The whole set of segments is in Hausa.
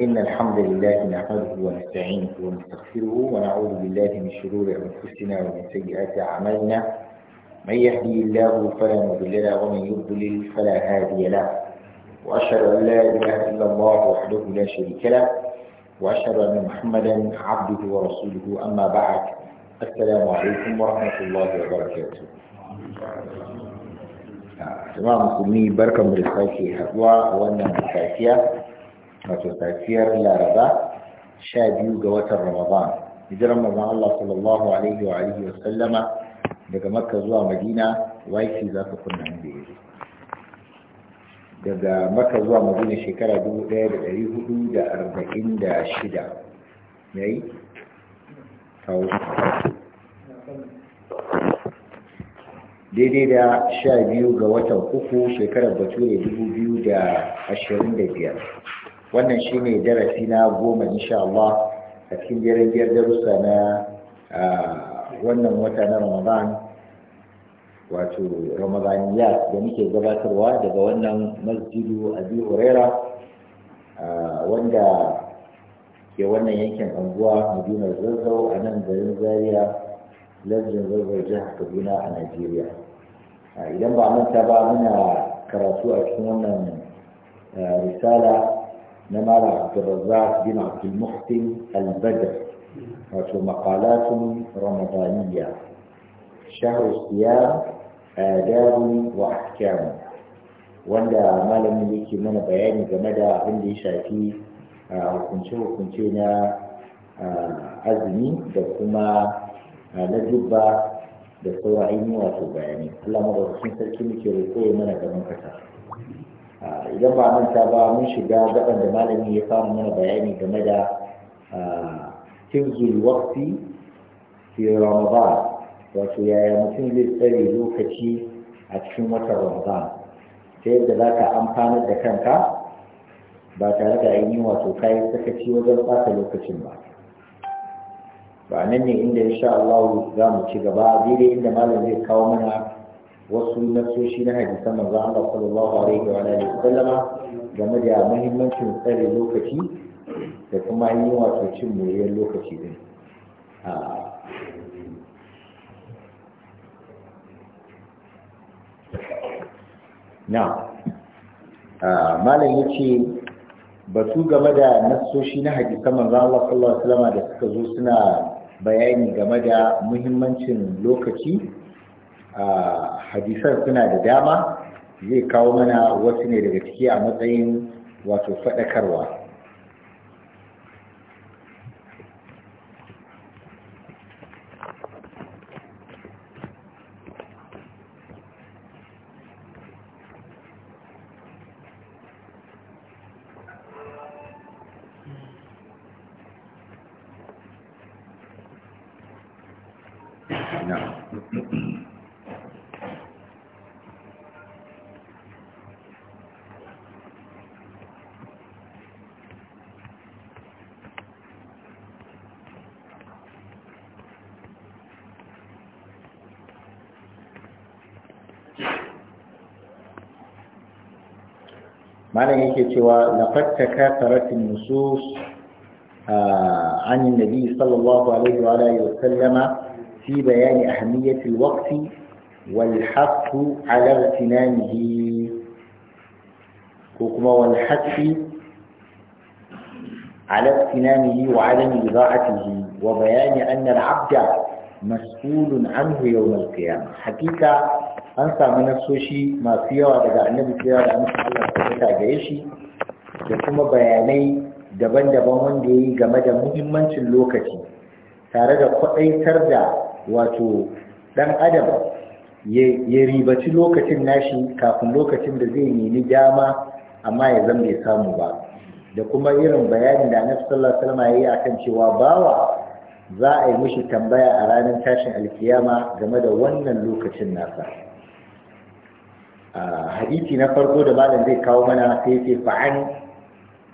إن الحمد لله نحمده ونستعينه ونستغفره ونعوذ بالله من شرور أنفسنا ومن سيئات أعمالنا من يهدي الله فلا مضل له ومن يضلل فلا هادي له وأشهد أن لا إله إلا الله وحده لا شريك له وأشهد أن محمدا عبده ورسوله أما بعد السلام عليكم ورحمة الله وبركاته تمام سمي بركة من الخير حقوة وأنا من wato safiyar laraba sha biyu ga watan ramadan hijiran manzon Allah sallallahu alaihi wa alihi wa sallama daga makka zuwa madina wifi za ka kunna inda yake daga makka zuwa madina shekara 1446 yayi kawo daidai da sha biyu ga watan uku shekarar bature 2025 wannan shine darasi na goma insha Allah a cikin jerin darussa na wannan wata na Ramadan wato Ramadaniya da muke gabatarwa daga wannan masjidu Abi Huraira wanda ke wannan yankin anguwa Madinar Zazzau a nan garin Zaria lardin Zazzau jihar Kaduna a Najeriya idan ba manta ba muna karatu a cikin wannan risala نما عبد الرزاق بن عبد المحسن البدر وفي مقالات رمضانية شهر الصيام آداب وأحكام وندا مالا مليك من بيان جمدا عندي شاكي آه، وكنشه كنشينا آه، أزمي دكما آه، لجبا دكتور عيني واتو بياني كل مرة سنسل كمي كيرو كوي من أدامن كتاب idan ba manta ba mun shiga gaban da malami ya fara mana bayani game da hizul waqti fi ramadan wato yaya mutum zai tsare lokaci a cikin watan ramadan ta yadda za ka amfanar da kanka ba tare da ainihi wato kayan sakaci wajen ɓata lokacin ba ba nan ne inda insha Allah za mu ci gaba daidai inda malam zai kawo mana wasu nasoshi na hadisan manzo Allah sallallahu alaihi wa alihi sallama game da muhimmancin tsare lokaci da kuma yi wato cin moriyar lokaci din na malam ya ce batu game da nasoshi na hadisan manzo Allah sallallahu alaihi wa da suka zo suna bayani game da muhimmancin lokaci hadisan suna da dama zai kawo mana wasu ne daga ciki a matsayin wato faɗakarwa malam yake cewa laqad takatharat an-nusus عن النبي صلى الله عليه وآله وسلم في بيان أهمية الوقت والحق على اغتنامه وكما والحق على اغتنامه وعدم إضاعته وبيان أن العبد مسؤول عنه يوم القيامة حقيقة أنسى من السوشي ما فيه وعلى النبي صلى الله عليه وسلم fuskanta gare shi da kuma bayanai daban-daban wanda ya yi game da muhimmancin lokaci tare da kwaɗaitar da wato ɗan adam ya ribaci lokacin nashi kafin lokacin da zai nemi dama amma ya zan bai samu ba da kuma irin bayanin da annabi sallallahu alaihi wasallam yayi akan cewa bawa za a yi mishi tambaya a ranar tashin alkiyama game da wannan lokacin nasa hadisi na farko da malam zai kawo mana sai ce fa'an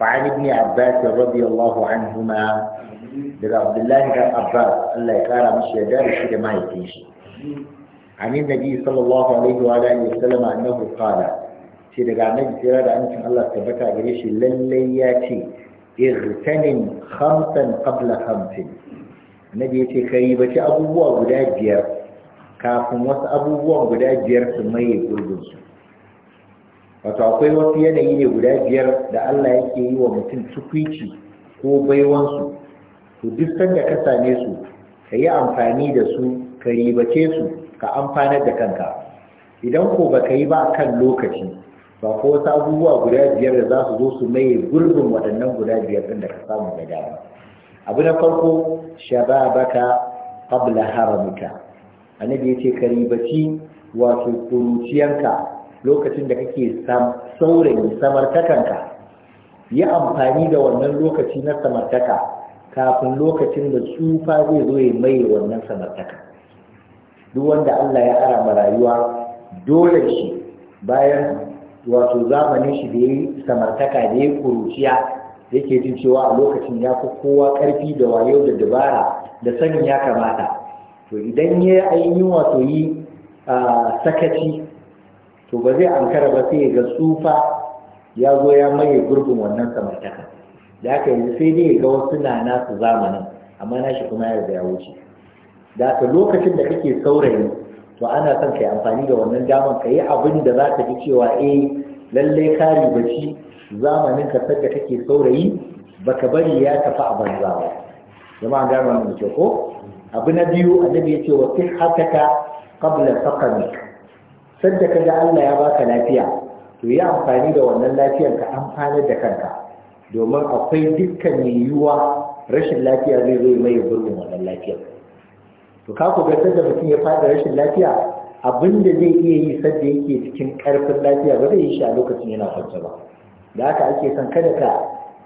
fa'an ibn abbas radiyallahu anhuma daga abdullahi dan abbas Allah ya kara mishi yarda da shi da mahaifin shi عن النبي صلى الله عليه وآله وسلم أنه قال sai daga annabi sai da amincin Allah tabbata gare shi lallai ya ce irtanin khamsan qabla khamsin annabi yace kai bace abubuwa guda biyar kafin wasu abubuwan guda biyar su maye gurbinsu wato akwai wasu yanayi ne guda biyar da Allah yake yi wa mutum tukwici ko baiwansu to duk sanda ka same su ka yi amfani da su ka ribace su ka amfana da kanka idan ko ba ka yi ba kan lokaci ba ko wasu abubuwa guda biyar da za su zo su maye gurbin waɗannan guda biyar ɗin da ka samu da dama abu na farko shababaka qabla haramika annabi yace ce ka wato kuruciyanka lokacin da kake saurayi samartakanka yi amfani da wannan lokaci na samartaka kafin lokacin da tsufa zai zo ya mai wannan samartaka duk wanda Allah ya ara marayuwa rayuwa dole shi bayan wato zamanin shi da ya yi samartaka da ya kuruciya yake jin cewa a lokacin ya fi kowa ƙarfi da wayo da dabara da sanin ya kamata to idan ya yi wato yi sakaci to ba zai ankara ba sai ga tsufa ya zo ya maye gurbin wannan samartaka da aka yanzu sai dai ga wasu na nasu zamanin amma nashi kuma ya ya wuce da aka lokacin da kake saurayi to ana son ka yi amfani da wannan daman ka yi abin da za ka ji cewa eh lalle ba ribaci zamanin ka sadda kake saurayi baka bari ya tafi a banza ba jama'a gano ko abu na biyu annabi ya ce wa hakaka qabla faqrik sadda kaga Allah ya baka lafiya to yi amfani da wannan lafiyar ka amfana da kanka domin akwai dukkan yiwuwa rashin lafiya zai zo mai gurbin wannan lafiyar to ka ku ga sadda mutum ya fada rashin lafiya abinda zai iya yi sadda yake cikin karfin lafiya ba zai yi shi a lokacin yana kwance ba da haka ake son kada ka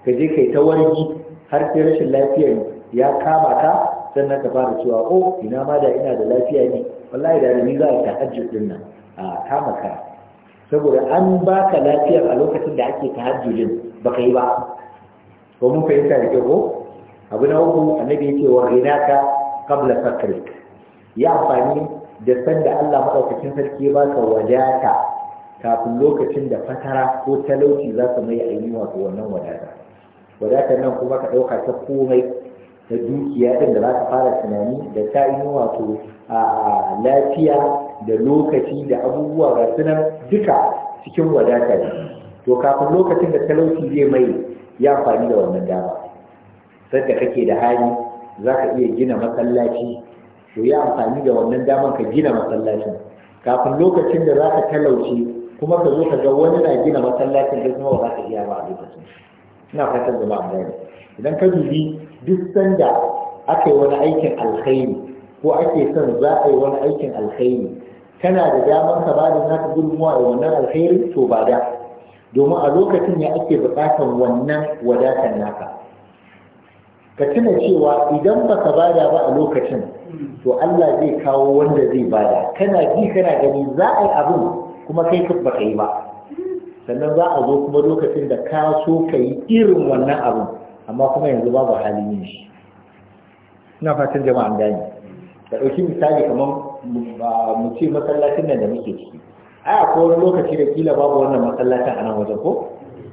ka je kai ta wargi har sai rashin lafiyar ya kama ka sannan ka fara cewa o oh, ina ma da ina da lafiya ne wallahi da ni za a tahajjud din nan a kama ka saboda an baka lafiyar a lokacin da ake tahajjudin baka yi ba ko mun fahimta da kyau abu na uku annabi yake wa ghinaka qabla fakrik ya amfani da sanda Allah madaukakin sarki ba ka wadata kafin lokacin da fatara ko talauci za ka mai ainihin wato wannan wadata wadatar nan kuma ka ɗauka ta komai da dukiya ɗin da za ka fara tunani da ta yi wato a lafiya da lokaci da abubuwa ga sunan duka cikin wadata ne to kafin lokacin da talauci zai mai ya amfani da wannan dama sadda kake da hali za ka iya gina masallaci to ya amfani da wannan daman ka gina masallacin kafin lokacin da za ka talauci kuma ka zo ka ga wani na gina masallacin da kuma ba za ka iya ba a lokacin ina fatan da ba'a gane idan ka dubi duk sanda aka yi wani aikin alkhairi ko ake son za a yi wani aikin alkhairi kana da damar ka ba da naka gudunmuwa a wannan alkhairi to ba da domin a lokacin ne ake buƙatar wannan wadatar naka ka tuna cewa idan baka bada ba a lokacin to Allah zai kawo wanda zai bada kana ji kana gani za a yi abin kuma kai ka yi ba sannan za a zo kuma lokacin da ka so ka yi irin wannan abin amma kuma yanzu babu halin yin shi ina fatan jama'a an Da ɗauki misali kamar mu ce masallacin nan da muke ciki a akwai wani lokaci da kila babu wannan masallacin a nan wajen ko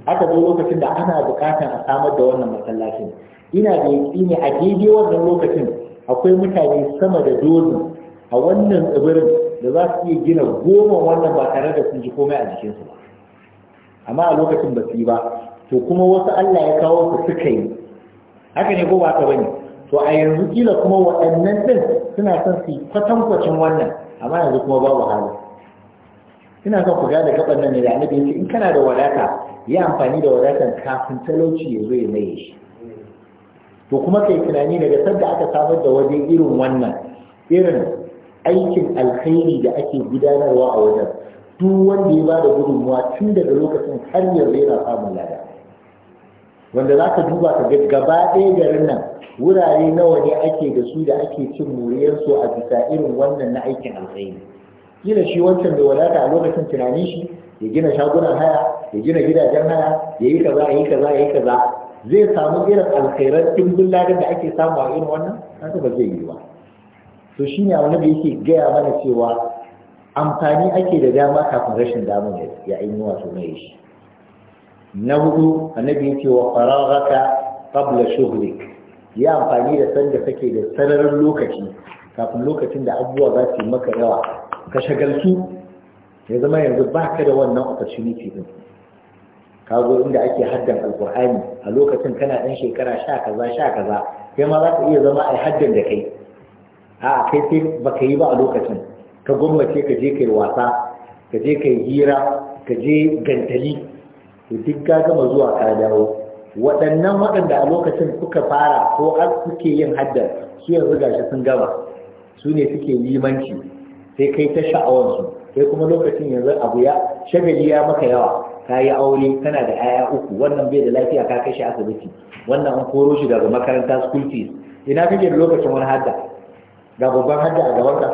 aka zo lokacin da ana bukatar a samar da wannan masallacin ina da ne a daidai wannan lokacin akwai mutane sama da dozin a wannan tsibirin da za su iya gina goma wannan ba tare da sun ji komai a jikinsu ba amma a lokacin ba yi ba to kuma wasu Allah ya kawo su suka yi haka ne ko ba ka bane to a yanzu kila kuma waɗannan din suna son su kwatankwacin wannan amma yanzu kuma babu hali ina son ku da gaban nan ne da annabi yace in kana da wadata yi amfani da wadatar kafin talauci ya zo ya maye shi to kuma kai tunani daga sadda aka samar da waje irin wannan irin aikin alkhairi da ake gudanarwa a wajen duk wanda ya bada gudunmuwa tun daga lokacin har yanzu yana samun lada wanda za ka duba ka gaba ɗaya garin nan wurare nawa ne ake da su da ake cin moriyarsu a bisa irin wannan na aikin alkhairi kila shi wancan mai wadata a lokacin tunanin shi ya gina shagunan haya ya gina gidajen haya ya yi kaza ya yi kaza ya yi kaza zai samu irin alkhairar dimbin ladan da ake samu a irin wannan haka ba zai yi ba to shine abin da yake gaya mana cewa amfani ake da dama kafin rashin damar ya ainihin wato mai shi na hudu annabi ya ce wa fararraka qabla shughlik ya amfani da sanda kake da sararin lokaci kafin lokacin da abubuwa za su yi maka yawa ka shagaltu ya zama yanzu baka da wannan opportunity din ka zo inda ake haddan alkur'ani a lokacin kana ɗan shekara sha kaza sha kaza kai ma za ka iya zama a haddan da kai a kai sai baka yi ba a lokacin ka gwamnati ka je kai wasa ka je kai hira ka je gantali to duk ka gama zuwa ka dawo waɗannan waɗanda a lokacin suka fara ko an suke yin haddar su yanzu gashi sun gama su ne suke limanci sai kai ta sha'awarsu sai kuma lokacin yanzu abu ya shagali ya maka yawa ka yi aure kana da 'ya'ya uku wannan bai da lafiya ka kashe asibiti wannan an koro shi daga makaranta school fees ina kake da lokacin wani hadda ga babban hadda a gabanka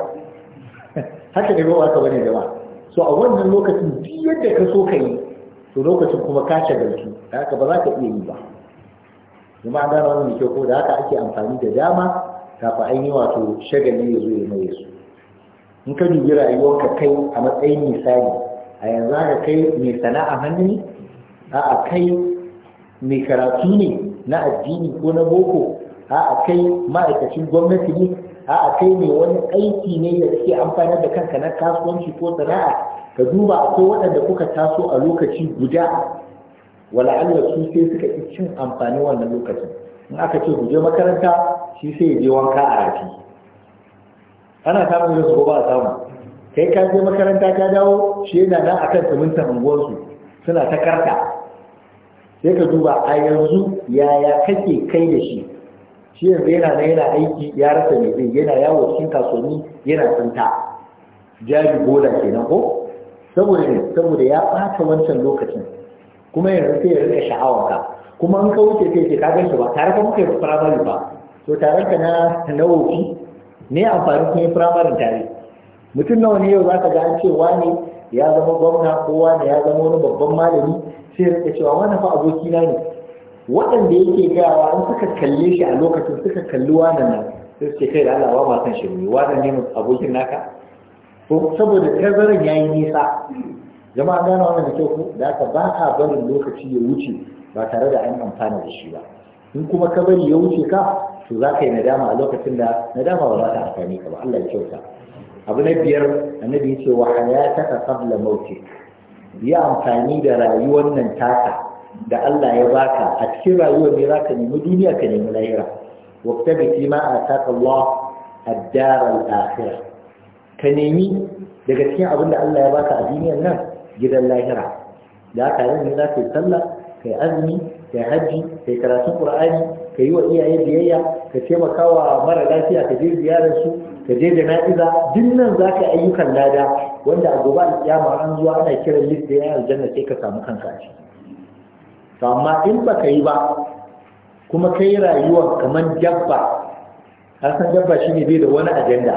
haka ne ba ka bane jama'a so a wannan lokacin duk yadda ka so ka yi to lokacin kuma ka garki, da haka ba za ka iya yi ba kuma an gano wannan kyau ko da haka ake amfani da dama kafin an yi wato shagali ya zo ya maye su in ka dubi rayuwarka kai a matsayin misali a yanzu haka kai mai sana'a hannu a kai mai karatu ne na addini ko na boko a kai ma'aikacin gwamnati ne a'a kai ne wani aiki ne da kake amfanar da kanka na kasuwanci ko sana'a ka duba akwai waɗanda kuka taso a lokaci guda Allah su sai suka ci cin amfani wannan lokacin in aka ce guje makaranta shi sai ya je wanka a rafi ana samun yin su ba a samu kai ka je makaranta ka dawo shi yana nan akan simintin unguwarsu suna ta karta sai ka duba a yanzu yaya kake kai da shi shi yanzu yana na yana aiki ya rasa mai zai yana yawo cikin kasuwanni yana tsinta jari bola ke na ko saboda ne saboda ya ɓata wancan lokacin kuma yanzu sai ya rika ka kuma an kawo ce sai ka gan shi ba tare ka muka yi firamare ba to tare ka na na wofi ne amfani kuma firamare tare mutum nawa ne yau za ka ga an ce wani ya zama gwamna ko wani ya zama wani babban malami sai ya rika cewa wani fa abokina ne waɗanda yake gawa in suka kalle shi a lokacin suka kalli wannan nan sai su ce kai da Allah ba san shi ne wannan ne abokin naka ko saboda tazaran yayi nisa jama'a gane wannan da kyau ko da aka ba a barin lokaci ya wuce ba tare da an amfana da shi ba in kuma ka bari ya wuce ka to za ka yi nadama a lokacin da nadama ba za ta amfani ka ba Allah ya kyauta abu na biyar annabi ya ce wa hayataka qabla mautik yi amfani da rayuwar nan taka da Allah ya baka a cikin rayuwar ne ka nemi duniya ka nemi lahira Wata biki ma a Allah ad-dar al ka nemi daga cikin abin da Allah ya baka a duniyar nan gidan lahira da yi yanzu za ka yi sallah ka yi azumi ka yi hajji ka yi karatun qur'ani ka yi wa iyaye biyayya ka taimaka wa mara lafiya ka je ziyarar su ka je jana'iza duk nan za ka ayyukan lada wanda a gobe alƙiyama an zuwa ana kiran list aljanna sai ka samu kanka a ciki to amma in baka yi ba kuma kai rayuwa kamar dabba har san dabba ne bai da wani ajanda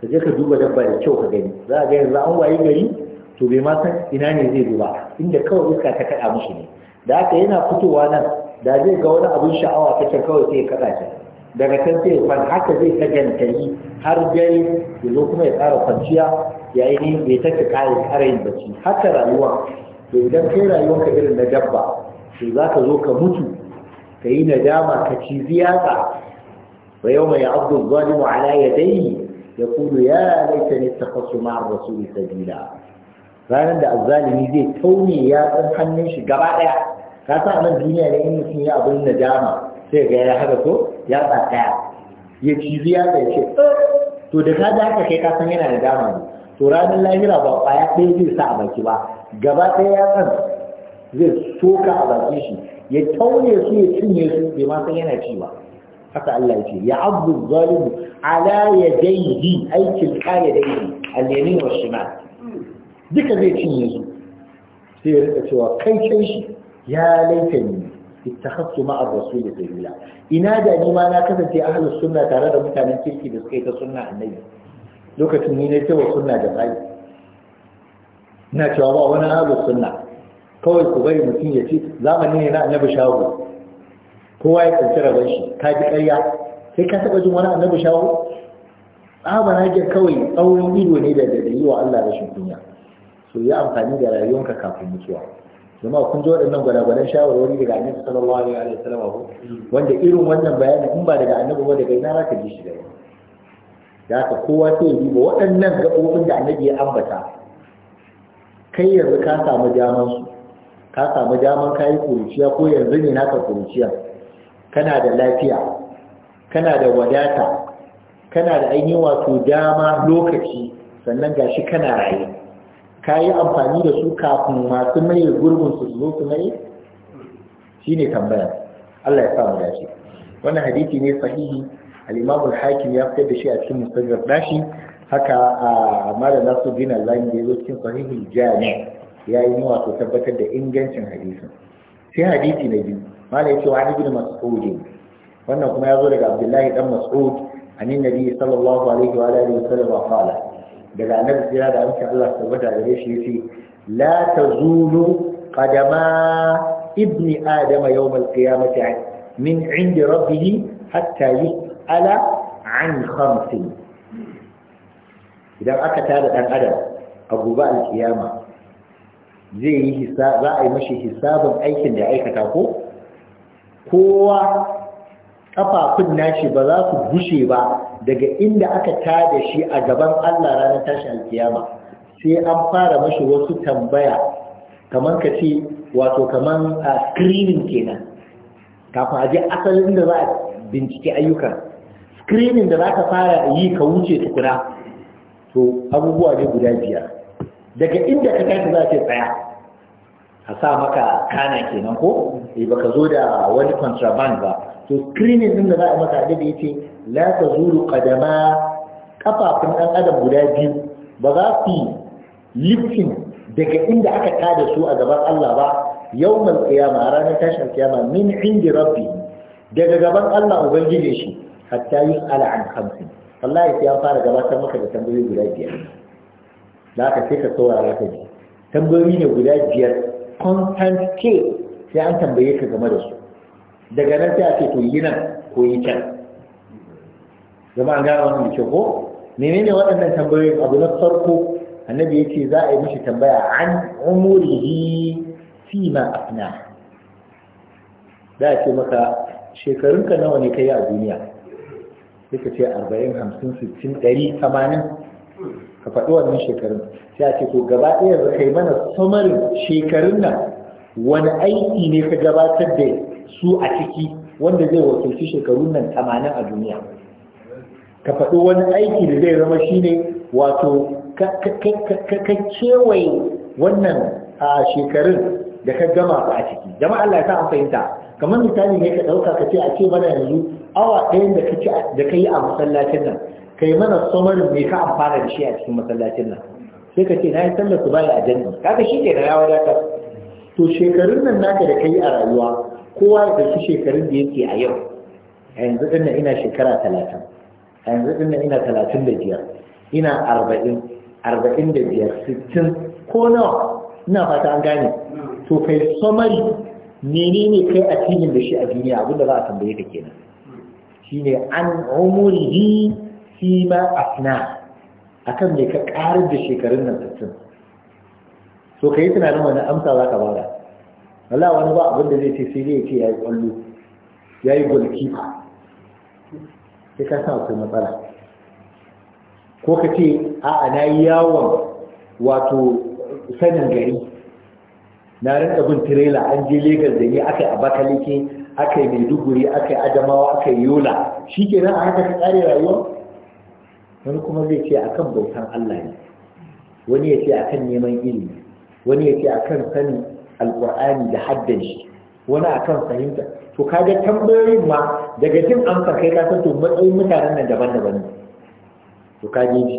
ka je ka duba dabba da kyau ka gani za a ga za an waye gari to bai ma san ina ne zai duba inda kawai iska ta kaɗa mishi ne da haka yana fitowa nan da zai ga wani abin sha'awa ta can kawai sai ya kaɗa shi daga can sai ya kwan haka zai ta gantari har gari ya zo kuma ya tsara kwanciya yayin bai ta kayan kare yin bacci haka rayuwa to idan kai rayuwar ka irin na dabba to za ka zo ka mutu ka yi nadama ka ci ziyasa wa yau mai abdul zalimu ala ya dai ya kudu ya laita ne ta fasu ma'ar sabila ranar da azzalimi zai taune yatsun hannun shi gaba ɗaya ka sa nan duniya ne in mutum ya abin nadama sai ga ya haka ko ɗaya ya ci ziyasa ya ce eh. to da ka da kai kasan san yana nadama ne to ranar lahira ba ya ɗaya zai sa a baki ba gaba ɗaya yatsan zai soka a baki shi ya taune su ya cinye su bai ma san yana ci ba haka Allah ya ce ya abdu zalim ala yadayhi aikil kare dai al-yamin wa shimal duka zai cinye su sai ya rika cewa kai kai shi ya laitani ittakhadtu ma ar-rasul sabila ina da ni ma na kasance ahlus sunna tare da mutanen kirki da suka yi ta sunna annabi lokacin ni ne cewa sunna da bai na cewa ba wani ahlus sunna kawai ku bari mutum ya ce zamani ne na annabi shawo kowa ya kanci rabon shi ka ji ƙarya sai ka taɓa jin wani annabi shawo tsaba ah, na ke kawai tsaurin ido ne da da yi wa Allah rashin kunya so yi amfani da rayuwanka kafin mutuwa jama'a kun ji waɗannan gwada-gwadan shawarwari daga annabi sallallahu alaihi wa sallam wanda irin wannan bayani in ba daga annabi ba daga ina raka ka ji shi da yau da haka kowa sai duba waɗannan gaɓoɓin da annabi ya ambata kai yanzu ka samu damansu ka samu daman kayi kuruciya ko yanzu ne naka kuruciya kana da lafiya kana da wadata kana da ainihin wato dama lokaci sannan gashi kana raye ka yi amfani da su kafin masu mai gurbin su zo su mai shi ne tambaya Allah ya samu dace wannan hadisi ne sahihi al-imam al-hakim ya fitar da shi a cikin musnad dashi haka a malam Nasruddin Allah ne ya zo cikin sahihul jami' ya yi mawa to tabbatar da ingancin hadisin sai hadisi na biyu malai ce wa ibn mas'ud wannan kuma yazo daga abdullahi dan mas'ud anin nabi sallallahu alaihi wa alihi wa sallam qala daga annabi sai da amsa Allah tabbata gare shi yace la tazulu qadama ibni adam yawm alqiyamati min indi rabbih hatta يسأل an khamsin idan aka هذا dan adam a gobe alkiyama zai yi hisa za a yi mashi hisabin aikin da aikata ko kowa kafafun nashi ba za su gushe ba daga inda aka tada shi a gaban Allah ranar tashin alkiyama sai an fara mashi wasu tambaya kamar ka ce wato kamar a screening kenan kafin a je asalin da za a bincike ayyukan screening da za ka fara yi ka wuce tukuna to abubuwa ne guda biyar daga inda ka kai za ce tsaya a sa maka kana kenan ko eh baka zo da wani contraband ba to screening din da za a maka ya yace la tazuru qadama kafafun dan adam guda biyu ba za su lifting daga inda aka tada su a gaban Allah ba yawmal qiyama ranar tashin kiyama min indi rabbi daga gaban Allah ubangije shi hatta yus'ala an khamsin wallahi sai an fara gabatar maka da tambayoyi guda biyar za ka sai ka saurara ka tambayoyi ne guda biyar constant k sai an tambaye ka game da su daga nan sai a ce to yi nan ko yi can zama an gane wannan da ko menene waɗannan tambayoyin abu na farko annabi ya ce za a yi mishi tambaya an umurihi fi ma afna za a ce maka shekarunka nawa ne ka a duniya sai ka ce arba'in hamsin sittin ɗari tamanin ka faɗi wannan shekarun sai a ce ko gaba ɗaya ba kai mana samarin shekarun nan wani aiki ne ka gabatar da su a ciki wanda zai wakilci shekarun nan tamanin a duniya ka faɗi wani aiki da zai zama shi ne wato ka kewaye wannan a shekarun da ka gama su a ciki jama'a Allah ya sa fahimta kamar misali ne ka ɗauka ka ce a ce mana yanzu awa ɗayan da ka yi a masallacin nan kai mana somarin mai ka amfana da shi a cikin masallacin nan sai ka ce na yi sallar su baya a jannan kaga shi ke da ya wadatar to shekarun nan naka da kai a rayuwa kowa ya ɗauki shekarun da yake a yau a yanzu ɗin nan ina shekara talatin a yanzu ɗin nan ina talatin da biyar ina arba'in arba'in da biyar sittin ko nawa ina fata an gane to kai somari menene kai a cikin da shi a duniya abinda za a tambaye ka kenan shine an umurihi fima afna kan me ka ƙarar da shekarun nan sittin so ka yi tunanin wani amsa za ka ba da? Allah wani ba abin da zai ce sai dai ce ya yi ƙwallo ya yi golkifa sai ka sa akwai matsala ko ka ce a'a na yi yawon wato sanin gari na rinka bin tirela an je legas da ni aka yi abakaliki aka yi maiduguri aka yi adamawa aka yi yola shi ke nan a haka ka tsare rayuwa wani kuma zai ce akan bautan Allah ne wani ya ce akan neman ilimi wani ya ce akan sanin alqur'ani da haddan shi wani akan fahimta to kaga tambayoyin ma daga jin amsa kai ka san to matsayin mutanen nan daban-daban ne to kaje shi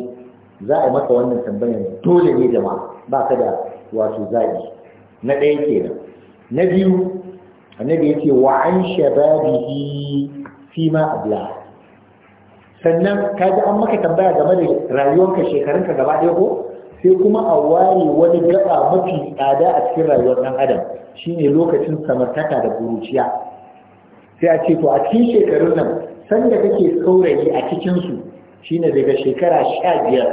za a yi maka wannan tambayar dole ne jama'a ba ka da wato zaɓi na ɗaya kenan na biyu annabi yace wa an shababihi fi ma abla sannan ka ji an maka tambaya game da rayuwarka shekarunka gaba ɗaya ko sai kuma a ware wani gaba mafi tsada a cikin rayuwar ɗan adam shine lokacin samartaka da buruciya sai a ce to a cikin shekarun nan sanda kake saurayi a cikinsu shine daga shekara sha biyar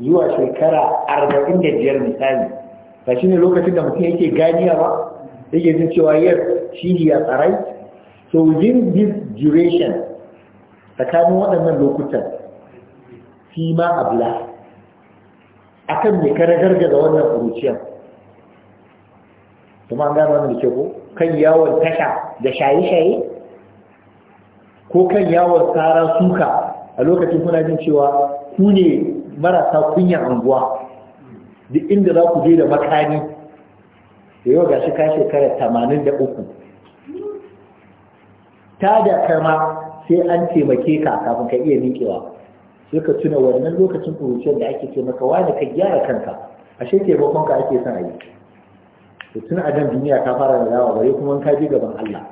zuwa shekara arba'in da biyar misali ba shine lokacin da mutum yake ganiya ba yake jin cewa yes shi ya tsarai so within this duration tsakanin waɗannan lokutan fi ma abla akan me ka ragargaza wannan kuruciyar kuma an gano wannan ko kan yawon tasha da shaye-shaye ko kan yawon tsara suka a lokacin kuna jin cewa ku ne marasa kunyan anguwa duk inda za ku je da makani da yau ga shi ka shekara 83 ta da kama sai an taimake ka kafin ka iya miƙewa sai ka tuna wannan lokacin kuruciyar da ake ce maka wani ka gyara kanka ashe taimakon ka ake son a yi to tun a nan duniya ta fara da dawa bare kuma ka je gaban Allah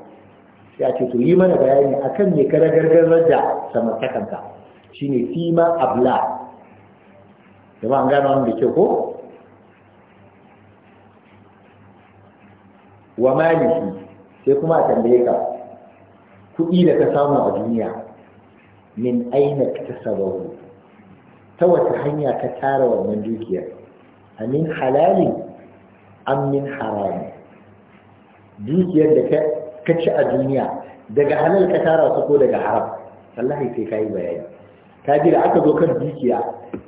sai a ce to yi mana bayani akan me ka ragargar da samartakanka shine fima abla Yaba an gano wannan da ke ko wa maliki sai kuma a tambaye ka kuɗi da ka samu a duniya min aina ta sababu ta wata hanya ka tara wannan dukiyar a min halali an min harami dukiyar da ka ci a duniya daga halal ka tara su ko daga haram wallahi sai ka yi bayani ka ji da aka zo kan dukiya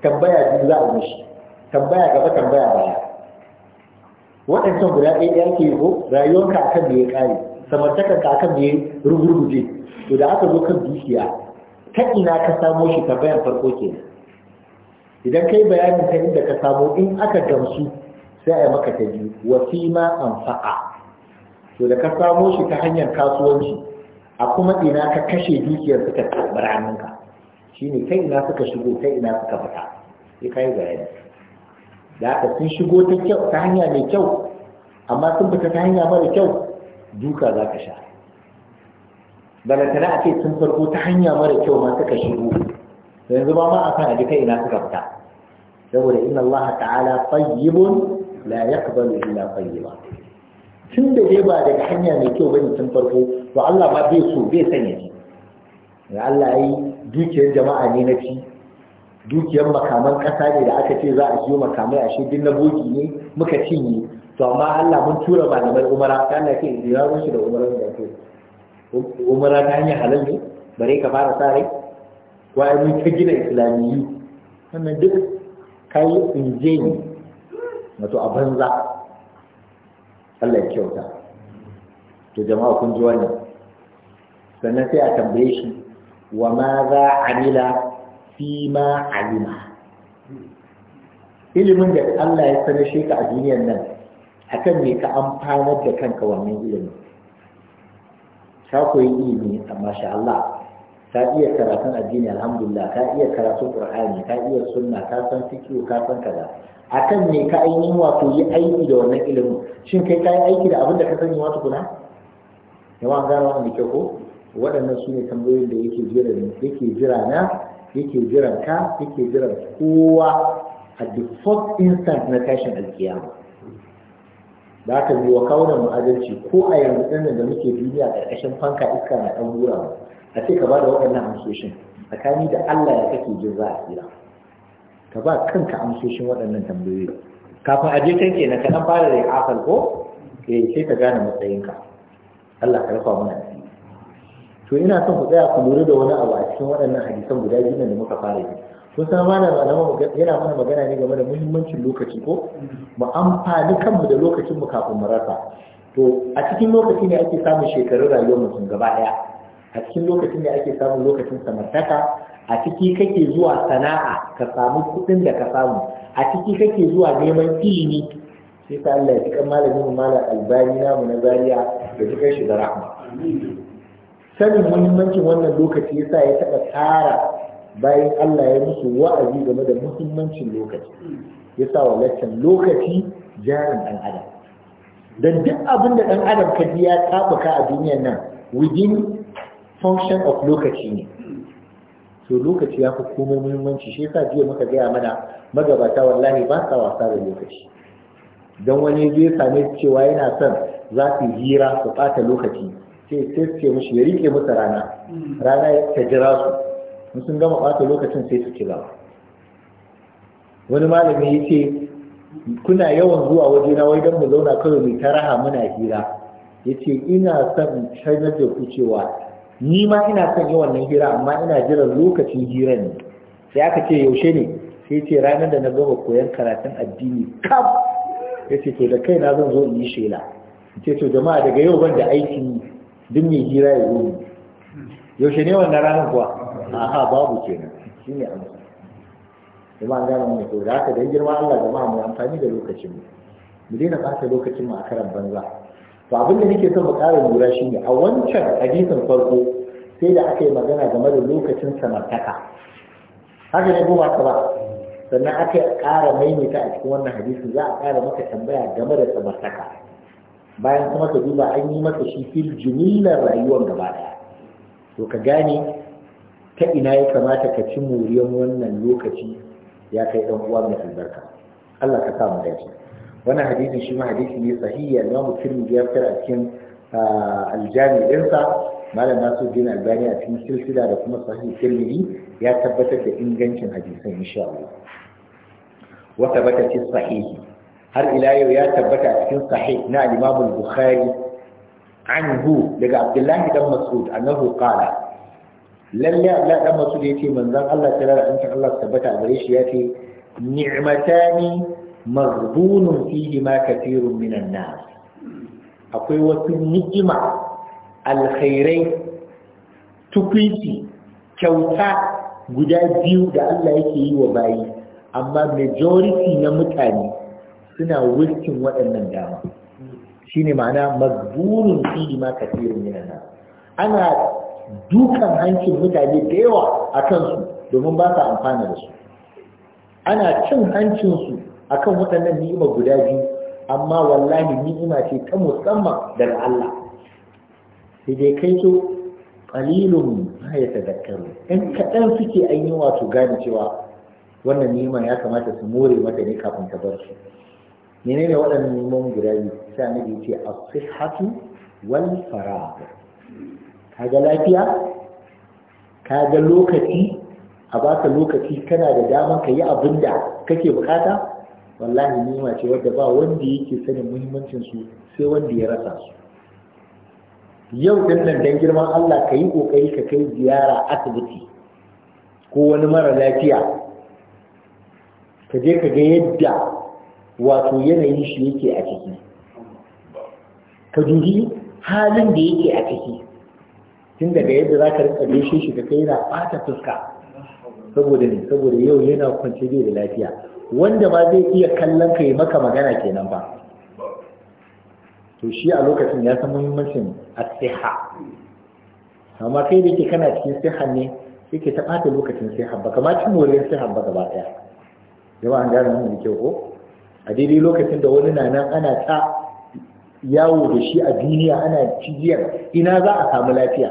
tambaya biyu za a mishi tambaya gaba tambaya baya waɗancan guda ɗaya ɗaya ke ko rayuwarka akan da ya ƙare samartakar ka akan da ya rugurguje to da aka zo kan dukiya ta ina ka samo shi ta bayan farko ke idan kai bayanin ta inda ka samo in aka gamsu sai a yi maka ta biyu wa fi ma anfa'a to da ka samo shi ta hanyar kasuwanci a kuma ina ka kashe dukiyar suka karɓar hannunka shine kai ina suka shigo kai ina suka fita sai kai bayani da haka sun shigo ta kyau ta hanya mai kyau amma sun fita ta hanya mara kyau duka za ka sha balantana a ce tun farko ta hanya mara kyau ma suka shigo da yanzu ba ma a kan aji kai ina suka fita saboda inna Allah ta'ala tayyibun la yaqbalu illa tayyiba tun da dai ba daga hanya mai kyau bane tun farko to Allah ma bai so bai sanya shi ya Allah ai dukiyar jama'a ne na ci dukiyar makaman ƙasa ne da aka ce za a siyo makamai ashe din na bogi ne muka cinye to amma Allah mun tura malamai umara kan da ke jira mushi da umara da ke umara ta hanyar halal ne bare ka fara sare wa ai mun ta gina islamiyyu wannan duk kai injeni wato a banza Allah ya kyauta to jama'a kun ji wannan sannan sai a tambaye shi wa ma za amila fi ma alima ilimin da Allah ya sanar shi ka a duniyar nan akan me ka amfanar da kanka wannan ilimi ka koyi ilimi amma sha Allah ka iya karatun addini alhamdulillah ka iya karatun qur'ani ka iya sunna ka san fiqh ka san kaza akan me ka ainihin wato yi aiki da wannan ilimin shin kai ka yi aiki da abin da ka sani wato kuna yawa gano wannan kyau ko waɗannan su ne tambayoyin da yake jiran yake jira na yake jiran ka yake jiran kowa a the first instant na tashin alkiyama za ta biyo kawunan mu adalci ko a yanzu ɗin da muke duniya ƙarƙashin fanka iska na ɗan gura mu a ce ka ba da waɗannan amsoshin tsakani da Allah ya kake jin za a tsira ka ba kanka amsoshin waɗannan tambayoyi kafin a je kai na kanan fara da afal ko eh sai ka gane matsayinka Allah ka rufa mana to ina son ku tsaya ku lura da wani abu a cikin waɗannan hadisan guda biyu da muka fara yi kun san mana yana mana magana ne game da muhimmancin lokaci ko mu amfani kanmu da lokacin mu kafin mu rasa to a cikin lokaci ne ake samun shekarun rayuwar mutum gaba ɗaya? a cikin lokacin ne ake samun lokacin samartaka a ciki kake zuwa sana'a ka samu kuɗin da ka samu a ciki kake zuwa neman ilimi sai ta Allah ya ji kan malamin malam albani namu na zariya, da ji shi da rahma sanin muhimmancin wannan lokaci yasa ya taɓa tsara bayan Allah ya musu wa'azi game da muhimmancin lokaci ya sa wa laccan lokaci jarin ɗan adam don duk abin da ɗan adam ka ji ya taɓuka a duniyar nan within function of lokaci ne to lokaci ya fi komai muhimmanci shi yasa jiya muka gaya mana magabata wallahi ba sa wasa da lokaci don wani zai same cewa yana son za su hira su ɓata lokaci sai sai ce mushi ya rike musu rana rana ta jira su sun gama ɓata lokacin sai su kira. wani malami ya ce kuna yawan zuwa waje na wai don mu zauna kawai mai ta raha muna hira ya ce ina son sanar da ku cewa ni ma ina son yi wannan hira amma ina jiran lokacin hira ne sai aka ce yaushe ne sai ce ranar da na gama koyon karatun addini kaf ya ce to da kai na zan zo in yi shela ce to jama'a daga yau ban da aikin duk mai hira ya zo yaushe ne wannan ranar kuwa ha babu kenan ne amsa kuma an gano ne to da haka dan girma Allah jama'a mu amfani da lokacin mu mu daina ɓata lokacin mu a karan banza to abin da nake son mu ƙara lura shine a wancan hadisin farko sai da aka yi magana game da lokacin samartaka haka ne goma ka ba sannan aka ƙara maimaita a cikin wannan hadisin za a ƙara maka tambaya game da samartaka bayan kuma ka duba an yi maka shi fil jumillar rayuwar gaba ɗaya to ka gane ta ina ya kamata ka ci muriyan wannan lokaci ya kai ɗan uwa mai albarka Allah ka sa mu dace wannan hadisi shi ma hadisi ne sahihi al-Imam ya fitar a cikin al-Jami' ɗinsa Malam Nasiruddin Albani a cikin silsila da kuma sahih Tirmidhi ya tabbatar da ingancin hadisan insha Allah wa tabata har ila yau ya tabbata a cikin sahih na al-Imam Bukhari anhu daga abdullahi dan mas'ud annahu qala lalle Abdullahi dan mas'ud yace manzon Allah sallallahu alaihi wasallam Allah tabbata gare shi yace ni'matani maghbunun fihi ma kathirun minan nas akwai wasu ni'ima alkhairai tukwiti kyauta guda biyu da Allah yake yi wa bayi amma majority na mutane suna wurkin waɗannan dama shine ma'ana mazburin fili ma kafirin minan ana dukan hancin mutane da yawa a kansu domin ba sa amfana da su ana cin hancinsu a kan waɗannan ni'ima guda biyu amma wallahi ni'ima ce ta musamman daga Allah sai dai kai so ƙalilun ma ya tazakkaru ɗan kaɗan suke an yi wato gane cewa wannan ni'ima ya kamata su more mata ne kafin ta bar su ne waɗannan neman guda biyu sai da ce as-sihhatu wal Ka kaga lafiya kaga lokaci a baka lokaci kana da damar ka yi abin da kake bukata wallahi nima ce wadda ba wanda yake sanin muhimmancin su sai wanda ya rasa su yau din nan dan girman Allah ka yi kokari ka kai ziyara asibiti ko wani mara lafiya ka je ka ga yadda wato yanayin shi yake a ciki ka dubi halin da yake a ciki tun daga yadda za ka rika gaishe shi ka kai na bata fuska saboda ne saboda yau yana kwance bai da lafiya wanda ba zai iya kallon ka yi maka magana kenan ba to shi a lokacin ya san muhimmancin asiha amma kai da yake kana cikin siha ne yake ta ɓata lokacin siha ba kamar cin wurin siha ba gaba ɗaya yawa an gane da kyau ko a daidai lokacin da wani na nan ana ta yawo da shi a duniya ana cijiyar, ina za a samu lafiya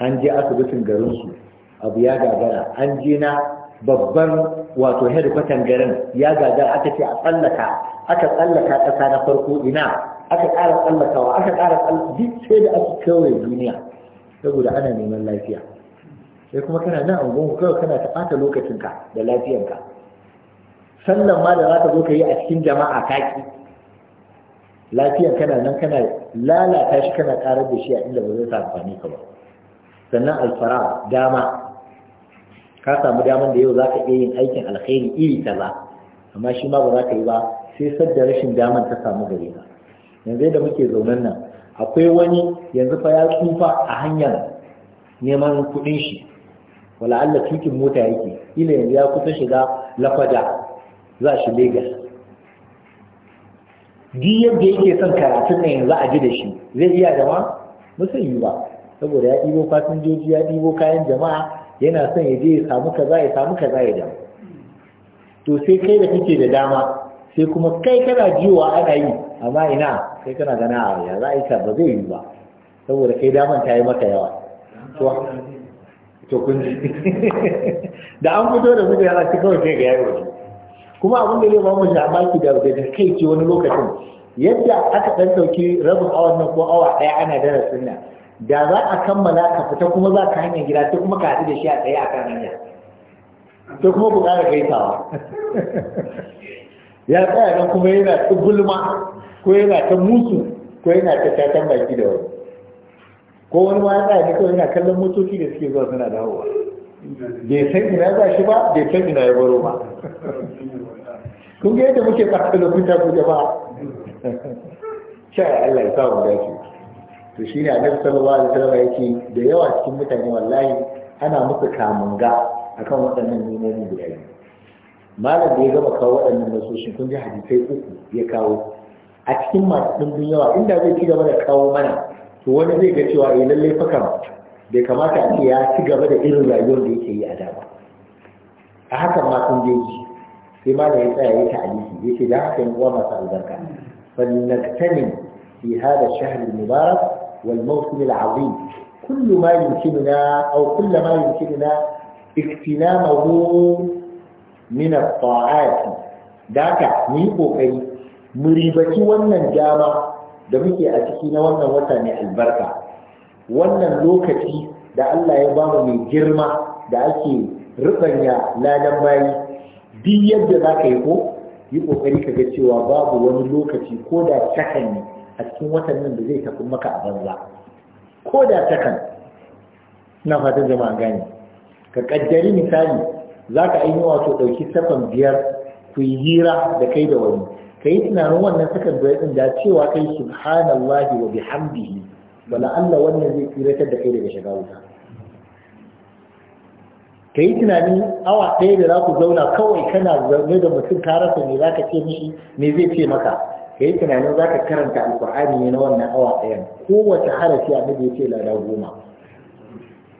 an je asibitin garinsu abu ya gagara an je na babban wato hedkwatan garin ya gagara aka ce a tsallaka aka tsallaka ƙasa na farko ina aka ƙara tsallakawa aka ƙara tsallakawa duk sai da aka kewaye duniya saboda ana neman lafiya sai kuma kana nan angon kawai kana ta ɓata lokacinka da lafiyanka sannan ma da za ka zo ka yi a cikin jama'a kaki lafiyan kana nan kana lalata shi kana karar da shi a inda ba zai sa amfani ka ba sannan alfara dama ka samu daman da yau za ka iya yin aikin alkhairi iri ba, amma shi ma ba za ka yi ba sai sadda rashin daman ta samu gare ka yanzu yadda muke zaunan nan akwai wani yanzu fa ya tsufa a hanyar neman kuɗin shi wala Allah tukin mota yake ila yanzu ya kusa shiga lafada za shi Legas. Di yadda yake son karatun ɗaya yanzu a ji da shi zai iya musan yi ba saboda ya ɗibo fasinjoji ya ɗibo kayan jama'a yana son ya je ya samu kaza ya samu kaza ya damu to sai kai da kake da dama sai kuma kai kana jiwa ana yi amma ina kai kana gana a ah, ya za a yi ba zai yi ba saboda kai daman ta yi maka yawa to kun ji da an fito da mutum yana cikin kawai sai ga yayi waje kuma abin da zai ba mu shamaki da da kai ce wani lokacin yadda aka dan ɗauki rabin awa nan ko awa daya ana darasin nan da za a kammala ka fita kuma za ka hanyar gida ta kuma ka haɗu da shi a tsaye a kan hanya sai kuma ku ƙara gaisawa ya tsaya nan kuma yana ta gulma ko yana ta musu ko yana ta tatan baki da wani ko wani ma ya tsaya ne kawai yana kallon motoci da suke zuwa suna dawowa bai san ina za shi ba bai san ina ya baro ba kun ga yadda muke fata da kuta da ba? sha Allah ya samu dace to shi ne annabi sallallahu alaihi wasallam yake da yawa cikin mutane wallahi ana musu kamunga akan waɗannan nemomi guda biyu malam da ya gama kawo waɗannan nasoshin kun ji hadisai uku ya kawo a cikin masu ɗumbin yawa inda zai ci gaba da kawo mana to wani zai ga cewa eh lallai fa kam bai kamata a ce ya ci gaba da irin rayuwar da yake yi a dama a hakan ma kun je ji sai ma ya tsaya ya ta'ayi shi ya ce da haka yi goma sa albarka falnaktanin fi hada mubarak wal mawsul al'azim kullu ma yumkinuna aw kullu ma yumkinuna iktinamahu min at-ta'at daka wannan dama da muke a ciki na wannan wata mai albarka wannan lokaci da Allah ya ba mai girma da ake rubanya ladan bayi duk yadda za ka yi ko yi kokari ka ga cewa babu wani lokaci ko da takan ne a cikin watan nan da zai tafi maka a banza ko da takan ina fatan jama'a gane ka kaddari misali za ka ainihin wato ɗauki safan biyar ku yi hira da kai da wani ka yi tunanin wannan sakan biyar ɗin da cewa kai subhanallahi wa bihamdihi wala Allah wannan zai tsiratar da kai daga shiga wuta ka yi tunanin, awa ɗaya da za ku zauna kawai kana zaune da mutum ka rasa ne za ka ce mishi ne zai ce maka ka yi tunanin za ka karanta alkur'ani ne na wannan awa ɗaya kowace harafi a ya ce lada goma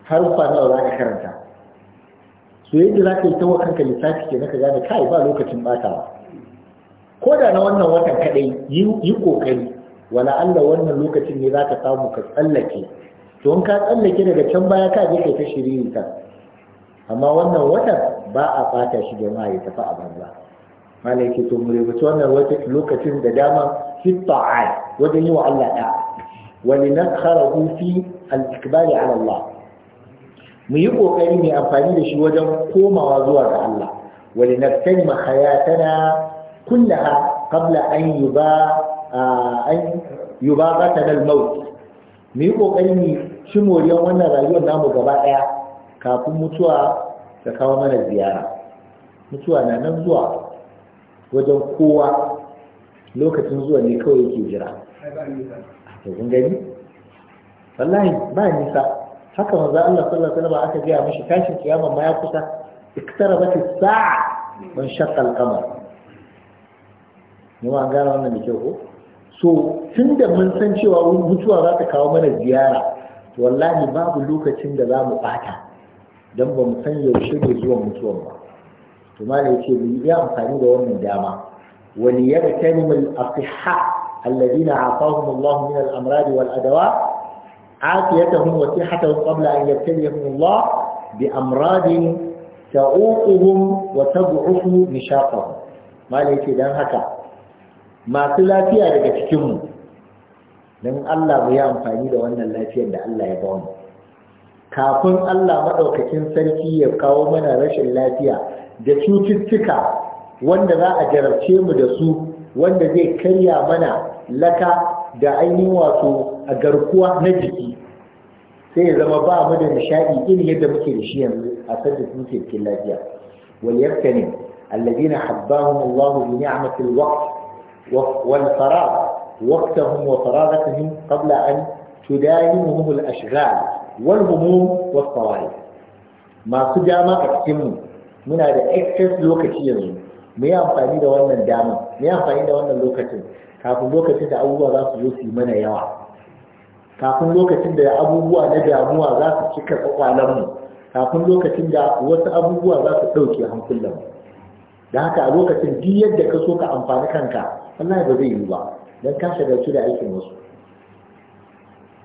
haruffa nawa za ka karanta so yadda za ka yi tawa kanka lissafi ke naka gane kai ba lokacin batawa ko da na wannan watan kaɗai yi ƙoƙari wala Allah wannan lokacin ne za ka samu ka tsallake to in ka tsallake daga can baya ka je kai ta shiriri ta amma wannan watan ba a fata shi jama'a ya tafi a banza malai ke to mu rubuta wannan lokacin da dama fi ta'at wajen yi wa Allah da'a wa linakharahu fi al-ikbali ala Allah mu yi kokari mai amfani da shi wajen komawa zuwa ga Allah wa linaktanim hayatana kullaha qabla an yuba an yuba al-maut mu yi kokari ne shi moriyar wannan rayuwar namu gaba daya kafin mutuwa ta kawo mana ziyara mutuwa na nan zuwa wajen kowa lokacin zuwa ne kawai yake jira to kun gani wallahi ba nisa haka manzo Allah sallallahu ba aka ga mishi tashin kiyama ma ya kusa Iktara as-sa'a man shaqqa al-qamar ne wa wannan da kyau so tunda mun san cewa mutuwa za ta kawo mana ziyara wallahi babu lokacin da za mu bata don ba mu san yaushe ne zuwan mutuwan ba to malai ce mu yi amfani da wannan dama wani ya tani mai asiha alladina afahum Allah min al-amrad wal adawa afiyatahum wa sihhatahum qabla an yabtaliyahum Allah bi amradin ta'uquhum wa tad'ufu nishaqahum malai ce dan haka masu lafiya daga cikin mu Allah mu yi amfani da wannan lafiyar da Allah ya ba mu kafin Allah maɗaukakin sarki ya kawo mana rashin lafiya da cututtuka wanda za a jarabce mu da su wanda zai karya mana laka da ainihin wato a garkuwa na jiki sai ya zama ba mu da nishaɗi irin yadda muke da shi yanzu a sanda muke cikin lafiya wal yaktani alladhina habbahum Allah bi ni'matil waqt wal faragh waqtahum wa faraghatihim qabla an tudayimuhum al ashghal wal humum was tawaif masu dama a cikin mu muna da excess lokaci yanzu mu yi amfani da wannan dama mu yi amfani da wannan lokacin kafin lokacin da abubuwa za su zo su yi mana yawa kafin lokacin da abubuwa na damuwa za su cika kwakwalan mu kafin lokacin da wasu abubuwa za su ɗauke hankulan mu da haka a lokacin duk yadda ka so ka amfani kanka wallahi ba zai yi ba don ka shagaltu da aikin wasu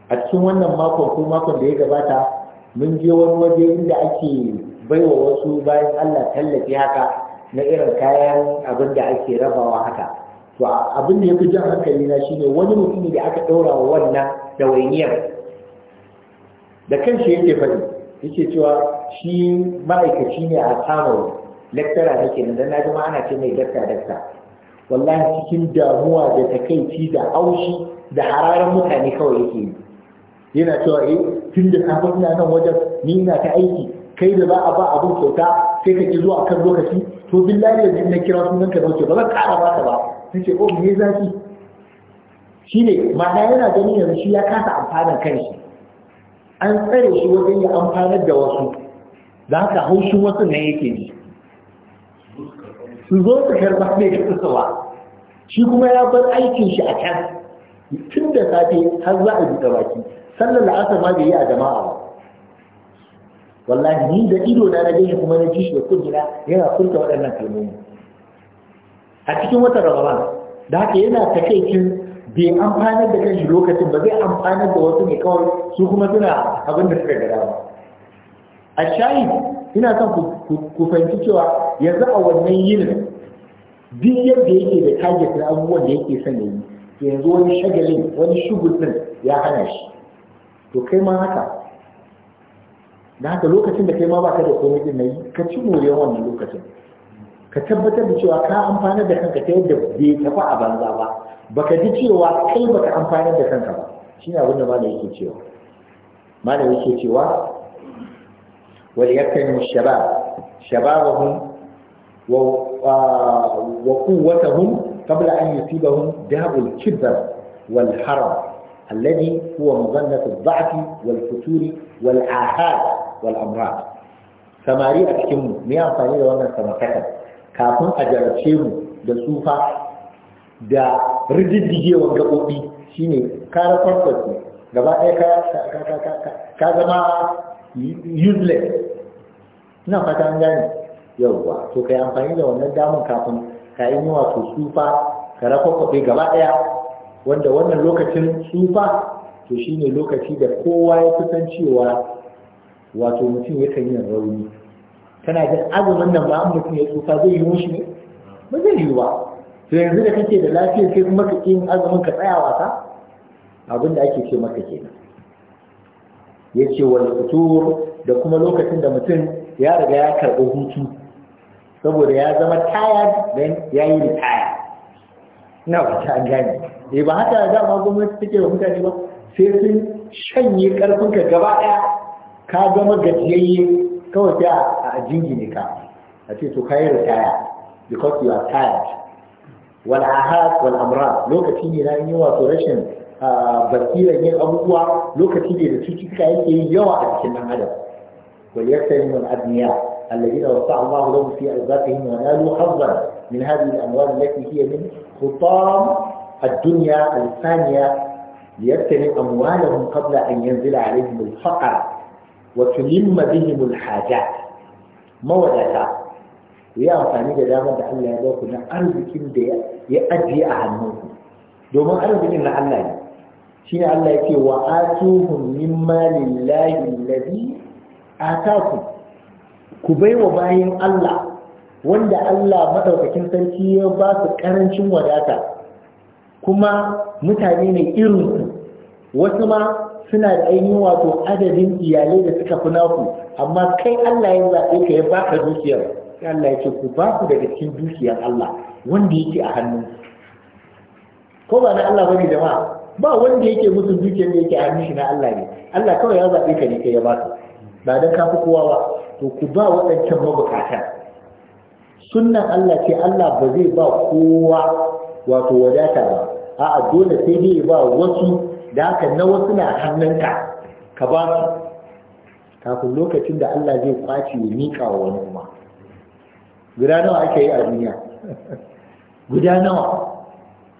a cikin wannan makon ko makon da ya gabata mun je wani waje inda ake baiwa wasu bayan Allah tallafi haka na irin kayan abin da ake rabawa haka to abin da ya fi jan hankali na shine wani mutumi da aka ɗaura wa wannan dawainiyar da kanshi yake faɗi yake cewa shi ma'aikaci ne a Kano laktara nake nan dan naji ana ce mai dakta dakta wallahi cikin damuwa da takaici da aushi da hararar mutane kawai yake yi yana cewa eh tun da safe ina nan wajen ni ina ta aiki kai da za a ba abin kyauta sai ka ki zuwa kan lokaci to billahi yanzu na kira sunan ka dauke ba zan kara ba ta ba sai ce oh me zafi ne, ma'ana yana ganin yanzu shi ya kasa amfanin kanshi an tsare shi wajen ya amfanar da wasu da haka haushin wasu nan yake ji su zo su karba ne da tsawa shi kuma ya bar aikin shi a can tun da safe har za a buɗe baki sallar la'asar ma bai yi a jama'a ba wallahi ni da ido na gani kuma na ji shi da kunnina yana furta waɗannan kalmomi a cikin watan ramadan da haka yana takaicin bai amfanar da kanshi lokacin ba zai amfanar da wasu ne kawai su kuma suna abin da suka gada ba a shayi ina son ku fahimci cewa yanzu a wannan yinin duk yadda yake da target na abubuwan da yake son yi yanzu wani shagalin wani ɗin ya hana shi to kai ma haka da haka lokacin da kai ma baka da komai din nan ka ci moriyar wannan lokacin ka tabbatar da cewa ka amfana da kanka ta yadda bai tafi a banza ba baka ji cewa kai baka amfana da kanka ba shine abin da malai yake cewa malai yake cewa wal yakanu shabab shababahum wa wa quwwatahum qabla an yusibahum dabul kibr wal haram الذي هو مظنة الضعف والفتور والآهات والأمراض samari a cikinmu mu yi amfani da wannan samartakar kafin a jarabce mu da tsufa da rididdigewan gaɓoɓi shine kare kwarkwarki gaba ɗaya ka zama useless ina fata an gane yauwa to ka amfani da wannan damar kafin ka yi wato tsufa ka rakwarkwafe gaba ɗaya wanda wannan lokacin tsufa to shine lokaci da kowa ya kusan cewa wato mutum ya kan yin rauni kana jin azumin nan ba mutum ya tsufa zai yi mushi ne ba zai yi ba to yanzu da kake da lafiyar kai kuma ka yin azumin ka tsaya wasa abin da ake ce maka kenan yace wal futur da kuma lokacin da mutum ya riga ya karɓi hutu saboda ya zama tired dan yayi retire na wata gani E, eh, ba haka dama gwamnati take da mutane ba sai sun shanye karfinka gaba ɗaya ka gama gajiyayye kawai sai a jingine ka a ce to kayi ritaya because you are tired wal ahad wal amra lokaci ne na yi wato rashin basiran yin abubuwa lokaci ne da cututtuka yake yi yawa a cikin nan adam wal yaktarin wal adniya alladhina wasa Allahu lahum fi arzaqihim wa nalu hazzan من هذه الأموال التي هي من خطام الدنيا الفانيه ليبتني أموالهم قبل أن ينزل عليهم الفقر وتلم بهم الحاجات موضة ويا أفاني جدا من دعال الله يدوكنا أرض كم دي يأدي أهمهم دوما أرض من الله شين الله يكي وآتوهم مما لله الذي آتاكم كبير وبعين الله wanda Allah madaukakin sarki ya ba su karancin wadata kuma mutane ne irinsu, wasu ma suna da ainihin wato adadin iyalai da suka fi naku amma kai Allah ya zaɓe ka ya baka dukiyar Allah ya ce ku ba ku daga cikin dukiyar Allah wanda yake a hannun ko ba na Allah bane jama'a ba wanda yake musu dukiyar da yake a hannun shi na Allah ne Allah kawai ya zaɓe ka ne kai ya baka ba dan ka fi kowa ba to ku ba waɗancan mabukata sunnan Allah ce Allah ba zai ba kowa wato wadata ba a'a dole sai dai ba wasu da haka na wasu na hannunka ka ba su kafin lokacin da Allah zai kwace ya miƙa wa wani kuma guda nawa ake yi a duniya guda nawa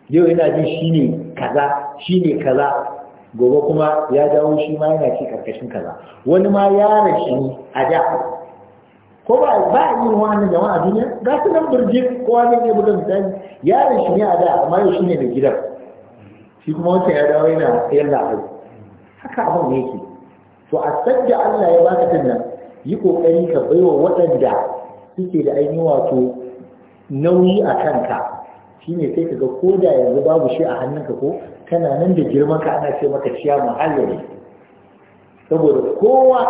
yau yana jin ne kaza shi ne kaza gobe kuma ya dawo shi ma yana ci karkashin kaza wani ma ya rashi a da ko ba ba yi na jama'a duniya ga su nan kowa ne ne buga misali yaron shi ne a da amma yau shi ne da gidan shi kuma wata ya dawo yana yan la'ayi haka abin ne yake to a sadda Allah ya baka din nan yi kokari ka baiwa waɗanda suke da ainihin wato nauyi a kanka ne sai ka ga ko da yanzu babu shi a hannunka ko kana nan da girman ka ana ce maka ciya muhalli saboda kowa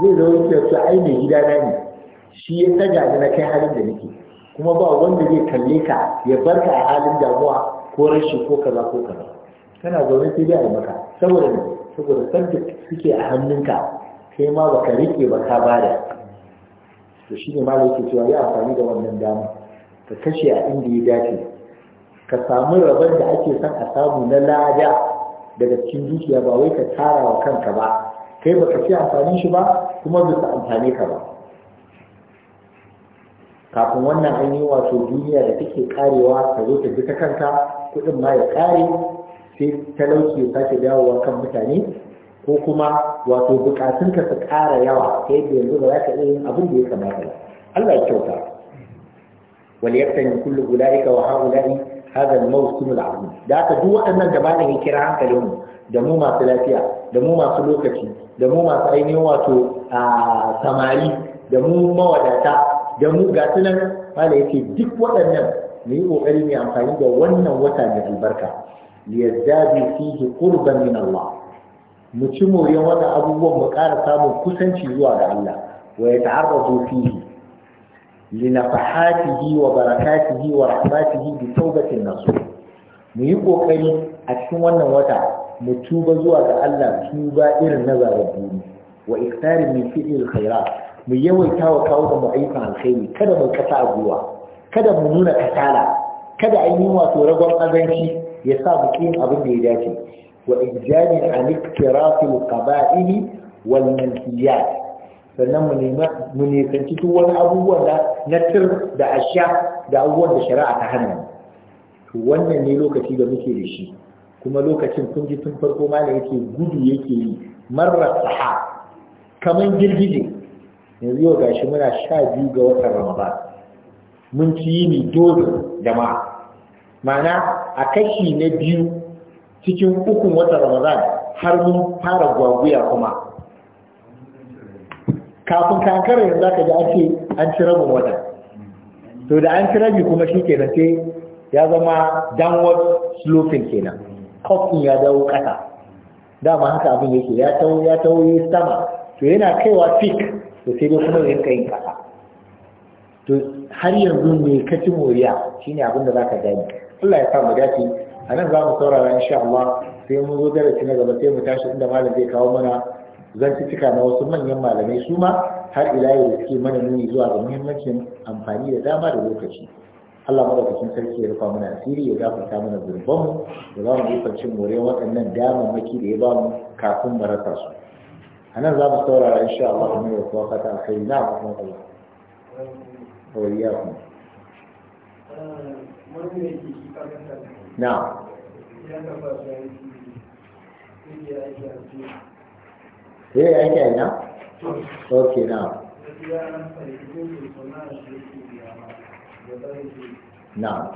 zai zo yake ce ai mai gidana ne shi ya saja ni na kai halin da nake kuma ba wanda zai kalle ka ya bar ka a halin damuwa ko rashi ko kaza ko kaza kana zaune sai dai a maka saboda ne saboda sanda suke a hannunka kai ma baka rike ba ka bada to shi ne malai yake cewa ya amfani da wannan dama ka kashe a inda ya dace ka samu rabon da ake son a samu na lada daga cikin dukiya ba wai ka tara wa kanka ba kai baka fi amfanin shi ba kuma bisa amfani ka ba kafin wannan an yi wato duniya da take karewa ka zo ta bi ta kanka kuɗin ma ya kare sai talauci ya sake dawowa kan mutane ko kuma wato bukatunka su ƙara yawa ta yadda yanzu ba za ka iya yin abin da ya kamata ba Allah ya kyauta wal yaftani kullu ulaika wa haula'i hadha al-mawsim al-azim da ka duk waɗannan da ba ya kira hankalin mu da mu masu lafiya da mu masu lokaci da mu masu ainihin wato a ah, samari da mu mawadata da mu ga tunan mala yake duk waɗannan mu yi ƙoƙari mai amfani da wannan wata mai albarka liyazdadi fihi qurban min Allah mu ci moriyar wata abubuwan mu ƙara samun kusanci zuwa ga Allah wa yata'arradu fihi linafahatihi wa barakatihi wa rahmatihi bi taubatin nasu. mu yi ƙoƙari a cikin wannan wata mu tuba zuwa ga Allah tuba irin na zarabuni wa iktarin min fi'il khairat mu yawaita wa kawo da mu ayyukan alkhairi kada mu kasa a guwa kada mu nuna kasala kada an yi wato ragon azanci ya sa mu kiyin abin da ya dace wa ijjani an iktirafi qaba'ili wal manhiyat sannan mu nema mu ne cikin wani abubuwan da na tir da asha da abubuwan da shari'a ta hana to wannan ne lokaci da muke da shi kuma lokacin kun ji tun farko malam yake gudu yake yi marar saha kaman girgije yanzu yau gashi muna sha biyu ga watan ramadan mun ci yi ne dole jama'a ma'ana a kashi na biyu cikin ukun watan ramadan har mun fara gwaguya kuma kafin kankara yanzu aka ji ake ce an ci rabin wata to da an ci rabi kuma shi kenan sai ya zama downward sloping kenan kofin ya dawo kasa, dama haka abin yake ya tawo ya tawo sama to yana kaiwa peak to sai dai kuma yin yin kasa to har yanzu me ka ci moriya shine abin da zaka gani Allah ya sa mu dace a nan za mu saurara insha Allah sai mu zo darasi na gaba sai mu tashi inda malam zai kawo mana Zan cika na wasu manyan malamai su ma har ila yau da suke mana nuni zuwa ga muhimmancin amfani da dama da lokaci Allah madaukakin sarki ya rufa mana asiri ya gafarta mana zurbanmu da za mu yi cin more waɗannan damammaki da ya ba mu kafin mu rasa su anan za mu saurara insha Allah mai wasu wakata a kai na ba kuma kai wuri ya kuma na ya yi aiki a ina? ok na na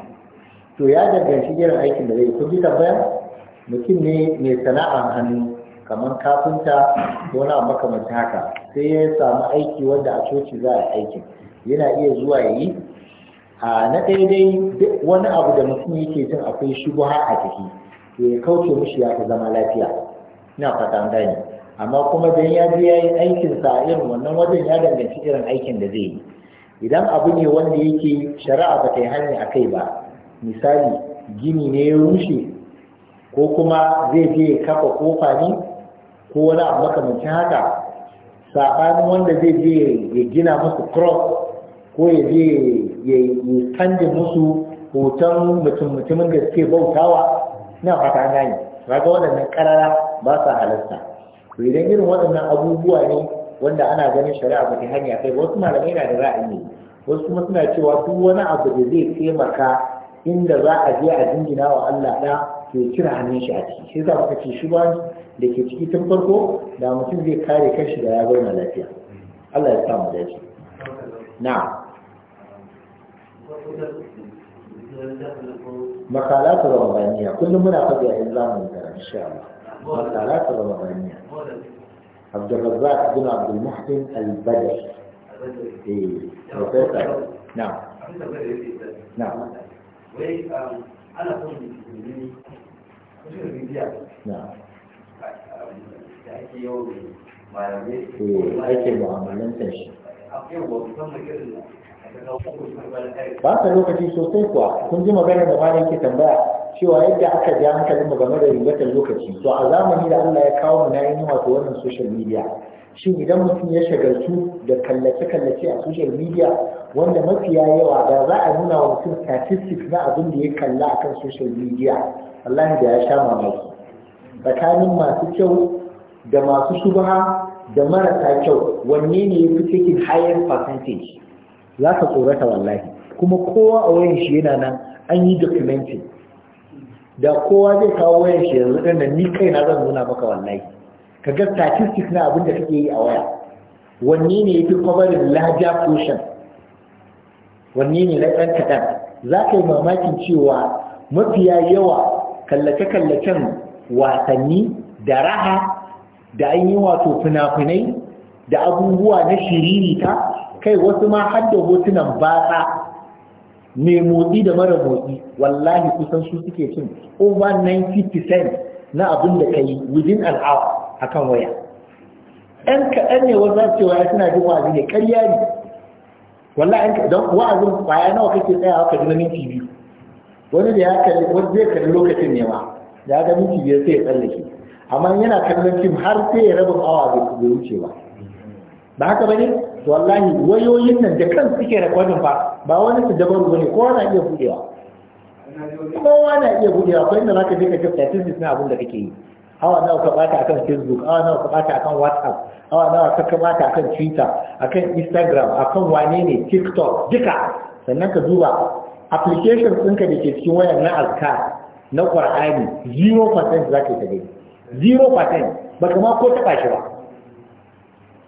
to ya daga shigar aikin da zai kun ji mutum ne mai sana'ar hannu kamar kafinta ko wani abu haka sai ya samu aiki wanda a coci za a aiki yana iya zuwa ya yi a na ɗaya dai wani abu da mutum yake jin akwai shubuha a ciki to ya kauce mishi ya fi zama lafiya ina fata gani amma kuma dan ya je ya yi aikin sa irin wannan wajen ya danganci irin aikin da zai yi idan abu ne wanda yake shari'a ba ta yi hanya a kai ba misali gini ne ya rushe ko kuma zai je ya kafa kofa ne ko wani abu makamancin haka saɓanin wanda zai je ya gina musu cross ko ya je ya yi musu hoton mutum-mutumin da suke bautawa na fata gani raga waɗannan ƙarara ba sa halarta to idan irin waɗannan abubuwa ne wanda ana ganin shari'a ba ta hanya kai wasu malamai na da ra'ayi wasu kuma suna cewa duk wani abu da zai taimaka inda za a je a jingina wa Allah ɗa to ya cire hannun shi a ciki shi za ka ce shi ba da ke ciki tun farko da mutum zai kare kanshi da ya zauna lafiya Allah ya sa mu dace na makalatu rabbaniya kullum muna faɗi a islamin da insha Allah makalatu rabbaniya عبد الرزاق بن عبد المحسن البدري ايه بروفيسور نعم نعم نعم Eh, ake mu'amalantar shi ba sa lokaci sosai kuwa kun ji magana da malam ke tambaya cewa yadda aka ji hankalin mu game da ribatar lokaci to a zamani da Allah ya kawo mu na yin wato wannan social media shin idan mutum ya shagaltu da kallace-kallace a social media wanda mafiya yawa da za a nuna wa mutum statistics na abin da ya kalla akan social media wallahi ya sha mamaki tsakanin masu kyau da masu shubha da marasa kyau wanne ne ya fi cikin higher percentage za ka tsorata wallahi kuma kowa a wayan shi yana nan an yi documenting da kowa zai kawo wayan shi yanzu ɗan da ni kaina zan nuna maka wallahi ka ga statistics na abin da kake yi a waya wanne ne ya fi covering larger portion wanne ne na ɗan kaɗan za ka yi mamakin cewa mafiya yawa kallace-kallacen wasanni da raha da an yi wato fina-finai da abubuwa na shiririta kai wasu ma har da hotunan batsa mai motsi da mara motsi wallahi kusan su suke cin over 90% na abin da kai within an hour a kan waya ɗan kaɗan ne wasu za su waya suna jin wa'azi ne ƙarya ne wallahi don wa'azin kwaya nawa kake tsayawa ka ji na minti biyu wani da ya kalli wani zai kalli lokacin ne ma da ya ga minti biyar sai ya tsallake amma yana kallon fim har sai ya raba awa bai wuce ba ba haka bane to wallahi wayoyin nan da kan suke rekodin fa ba wani su dabaru bane kowa na iya budewa kowa na iya budewa ko inda zaka je ka ta statistics na abin da kake yi awa nawa ka bata akan facebook awa nawa ka bata akan whatsapp awa nawa ka ka bata akan twitter akan instagram akan wane ne tiktok duka sannan ka duba applications ɗinka da ke cikin wayar na alka na ƙwar'ani 0% za ka yi ta gani zero percent ba kama ko ta shi ba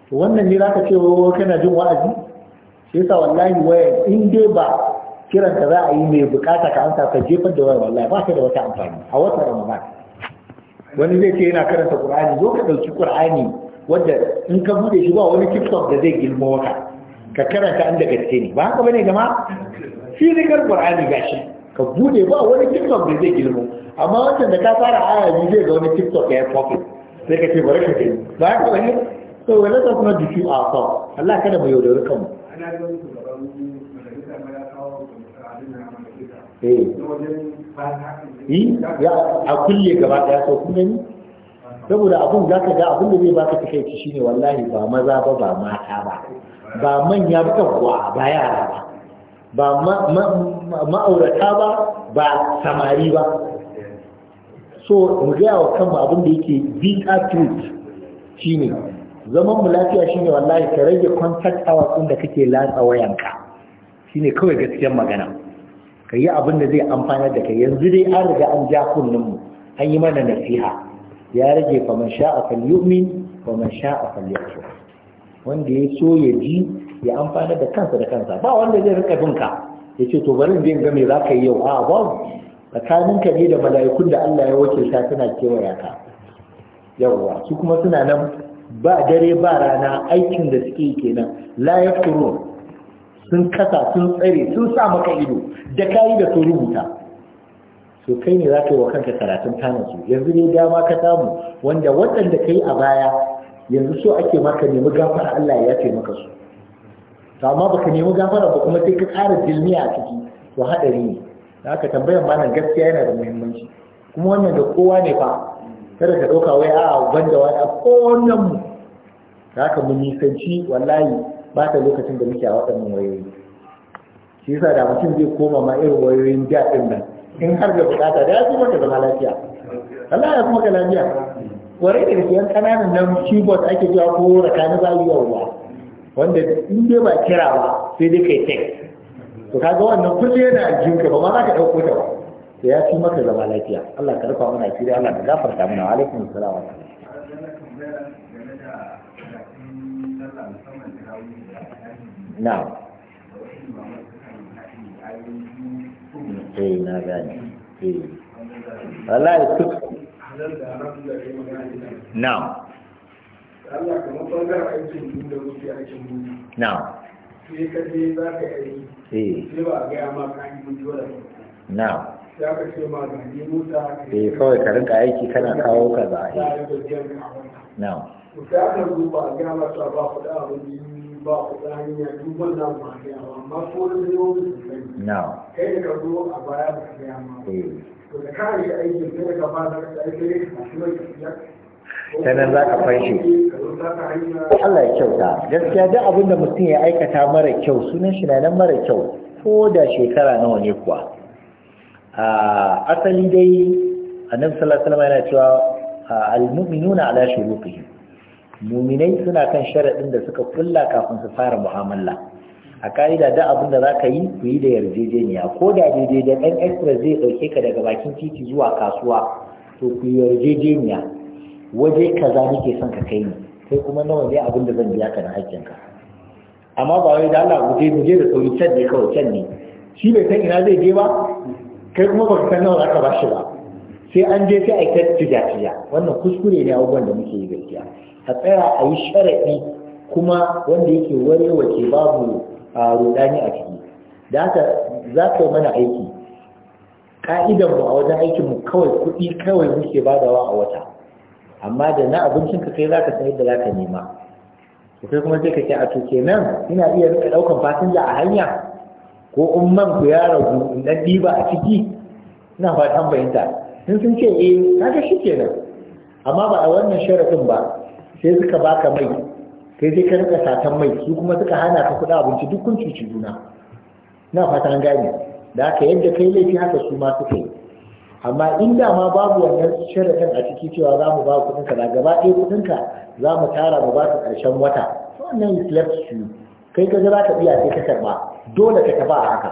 to wannan ne za ka ce oh, kana jin wa'azi Sai sa wallahi waya in dai ba kiranta za a yi mai bukata ka amsa ka jefar da waya wallahi ba ka da wata amfani a wata ramadan wani zai ce yana karanta qur'ani zo ka dauki qur'ani wanda in ka bude shi ba wani tiktok da zai gilmo maka ka karanta inda gaske ne ba haka bane jama'a physical qur'ani gashi ka bude ba wani tiktok da zai girma amma wancan da ka fara aya biyu zai ga wani tiktok ya profit sai ka ce bari ka ce ba ya kuma yi. so we let us not deceive ourselves Allah kada mu yaudari kanmu eh. yi ya a kulle gaba daya so kuma ni? saboda abun za ka ga abun da zai baka takaici shine wallahi ba maza ba ba mata ba ba manya ba kuwa ba yara ba ba ma'aurata ba ba samari ba so mu gaya wa kanmu abin da yake bitter truth shine zaman mu lafiya shine wallahi ka rage contact hours din kake latsa wayanka shine kawai gaskiyar magana ka yi abin da zai amfanar da kai yanzu dai an riga an ja kunnun mu an yi mana nasiha ya rage fa man sha'a falyu'min wa man sha'a falyakfur wanda ya so ya ji ya amfana da kansa da kansa ba wanda zai rika bin ka ya ce to bari in ga me za ka yi yau a babu tsakaninka ne da mala'ikun da Allah ya wakilta suna kewaya ka yawwa su kuma suna nan ba dare ba rana aikin da suke kenan la yafturun sun kasa sun tsare sun sa maka ido da yi da su rubuta to kai ne za ka yi wa kanka karatun tanansu yanzu ne dama ka samu wanda waɗanda ka yi a baya yanzu so ake maka nemi gafara Allah ya taimaka su to amma baka nemi gafara ba kuma sai ka ƙara jilmi a ciki to haɗari ne da aka tambayar ma nan gaskiya yana da muhimmanci kuma wannan da kowa ne fa kada ka ɗauka wai a'a ban da wani a kowannen mu da aka mu nisanci wallahi ba ta lokacin da muke a waɗannan wayoyi shi yasa da mutum zai koma ma irin wayoyin ja ɗin nan in har da buƙata da ya fi maka zama lafiya Allah ya fi maka lafiya ne da ke yan ƙananan nan keyboard ake zuwa ko raka ni ba yi yawa wanda in dai ba kira ba sai dai kai tek to kaga wannan kullum yana ka ba ma za ka ɗauko ta ba to ya ci maka zama lafiya Allah ka rufa mana asiri Allah ka gafarta mana wa alaikum assalam na'am eh na gani eh wallahi na'am Allah kamar bangaren aikin duk da muke aikin duk. Na. Sai ka je za ka yi aiki. Eh. Sai ba a gaya ma ka yi mutu da Na. Sai aka ce ma ga ni mota. Eh kawai ka rinka aiki kana kawo ka za a yi. Na. Sai aka zo ba a gaya ma ta ba kuɗa abinci ba kuɗa hanya duk wannan ba a gaya ma amma ko da zai wani sosai. Na. Kai da ka zo a baya ba a gaya ma. Eh. To da ka yi aikin sai da ka ba da ka aiki ne ka tafi mai tafiya. ta za ka fanshe Allah ya kyauta gaskiya duk abin da mutum ya aikata mara kyau sunan shi na nan mara kyau ko da shekara nawa ne kuwa a asali dai a sallallahu alaihi yana cewa al-mu'minuna ala shurutihim muminai suna kan sharaɗin da suka kulla kafin su fara mu'amala a ka'ida da abin da za ka yi ku yi da yarjejeniya ko da daidai da ɗan express zai ɗauke ka daga bakin titi zuwa kasuwa to ku yi yarjejeniya waje kaza nake son ka kai ni kai kuma nawa ne abin da zan biya ka na hakkin ka amma ba wai da Allah guje guje da sauri can ne kawai can ne shi bai san ina zai je ba kai kuma ba ka san nawa ka bashi ba sai an je sai a ta tijatiya wannan kuskure ne abubuwan da muke yi gaskiya a tsaya a yi sharaɗi kuma wanda yake wace babu rudani a ciki da haka za ka yi mana aiki ka'idanmu a wajen aikinmu kawai kuɗi kawai muke badawa a wata amma da na abincin ka kai zaka san yadda zaka nema to kai kuma sai ka ce a to kenan ina iya rika daukan fasinja a hanya ko in man ku ya ragu in dan diba a ciki ina fatan fahimta sun sun ce eh kaga shi kenan amma ba a wannan sharafin ba sai suka baka mai kai sai ka rika satan mai su kuma suka hana ka kuɗa abinci duk kun cuci juna ina fatan gane da haka yadda kai laifi haka su ma suka yi amma in da ma babu wannan sharaɗin a ciki cewa za mu ba kuɗinka ka gaba ɗaya kuɗinka, za mu tara mu ba ka ƙarshen wata wannan is left to you kai ka za ka biya sai ka karɓa dole ka taɓa a haka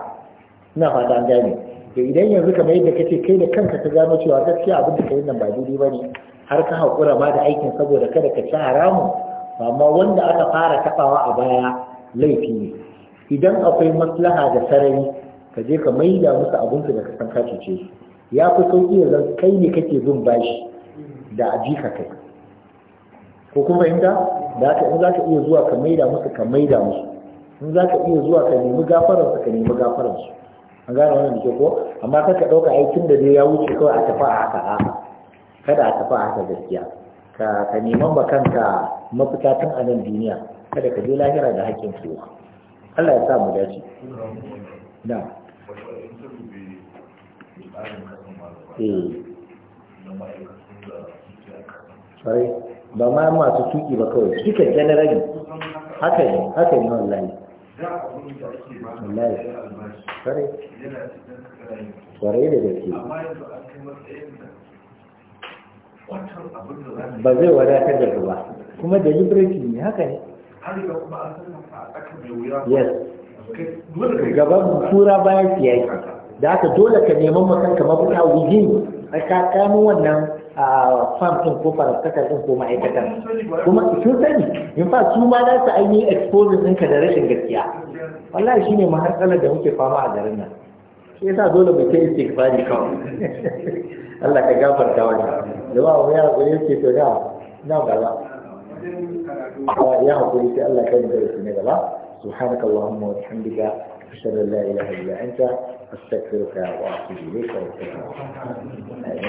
ina fata an gane idan yanzu kamar yadda kace kai da kanka ka gano cewa gaskiya abin da kai nan ba daidai bane har ka haƙura ma da aikin saboda kada ka ci haramun amma wanda aka fara taɓawa a baya laifi ne idan akwai maslaha da sarari ka je ka maida musu abinci da ka san ka cuce su ya fi sauƙi ya zan kai ne kake zun bashi da a jika kai ko kuma inda da aka in za ka iya zuwa ka maida musu ka maida musu in za ka iya zuwa ka nemi gafararsu ka nemi gafararsu an gane wannan da ke ko amma ka ka ɗauka aikin da dai ya wuce kawai a tafi a haka haka kada a tafi a haka gaskiya ka ka neman ba kanka mafita tun a nan duniya kada ka je lahira da haƙƙin su Allah ya sa mu dace na ba ma yamma su tuki ba kawai suka janarari haka ne haka ne wallahi wallahi kare kwarai da gaske ba zai wadatar da ruwa kuma deliberate ne haka ne yes gaban kura bayan siyaki da haka dole ka neman makanka mabuta wuji a ka kamo wannan a farm din ko farastakar din ko ma'aikatar kuma su sani in fa su ma za su ainihin exposure ɗinka da rashin gaskiya wallahi shine mahatsalar da muke fama a garin nan shi yasa dole mu kai istighfari kawai Allah ka gafarta wani ba wani ya gure ce to da na gaba ya hakuri sai Allah ka yi da su ne gaba subhanakallahumma wa bihamdika ashhadu an la ilaha illa anta أستغفرك وأتوب إليك